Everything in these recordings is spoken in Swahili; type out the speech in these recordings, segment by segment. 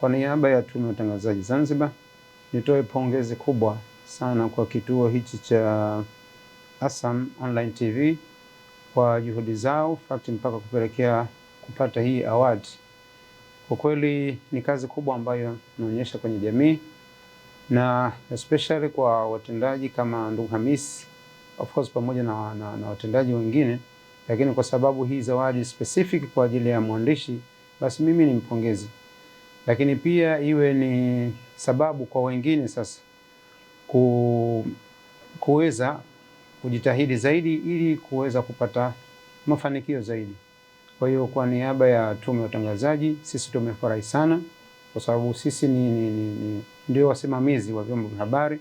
Kwa niaba ya Tume ya Utangazaji Zanzibar, nitoe pongezi kubwa sana kwa kituo hichi cha Asam Online TV kwa juhudi zao fact mpaka kupelekea kupata hii award. Kwa kweli ni kazi kubwa ambayo inaonyesha kwenye jamii na especially kwa watendaji kama ndugu Hamisi, of course pamoja na, na, na watendaji wengine, lakini kwa sababu hii zawadi specific kwa ajili ya mwandishi, basi mimi nimpongeze lakini pia iwe ni sababu kwa wengine sasa ku, kuweza kujitahidi zaidi ili kuweza kupata mafanikio zaidi. Kwa hiyo kwa niaba ya Tume ya Utangazaji, sisi tumefurahi sana kwa sababu sisi ni, ni, ni, ni ndio wasimamizi wa vyombo vya habari.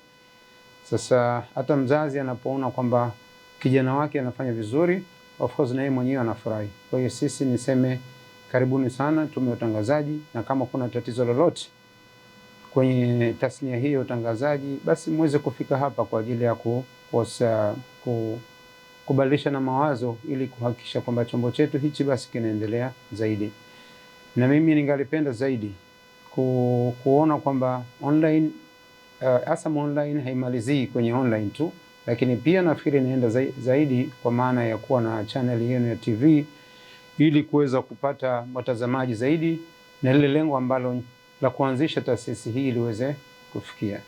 Sasa hata mzazi anapoona kwamba kijana wake anafanya vizuri, of course na yeye mwenyewe anafurahi. Kwa hiyo sisi niseme Karibuni sana Tume ya Utangazaji, na kama kuna tatizo lolote kwenye tasnia hii ya utangazaji, basi muweze kufika hapa kwa ajili ya na mawazo ili kuhakikisha kwamba chombo chetu hichi basi kinaendelea zaidi. Na mimi ningalipenda zaidi ku, kuona kwamba online uh, eh, ASAM online haimalizii kwenye online tu, lakini pia nafikiri inaenda zaidi kwa maana ya kuwa na channel yenu ya TV ili kuweza kupata watazamaji zaidi na lile lengo ambalo la kuanzisha taasisi hii liweze kufikia.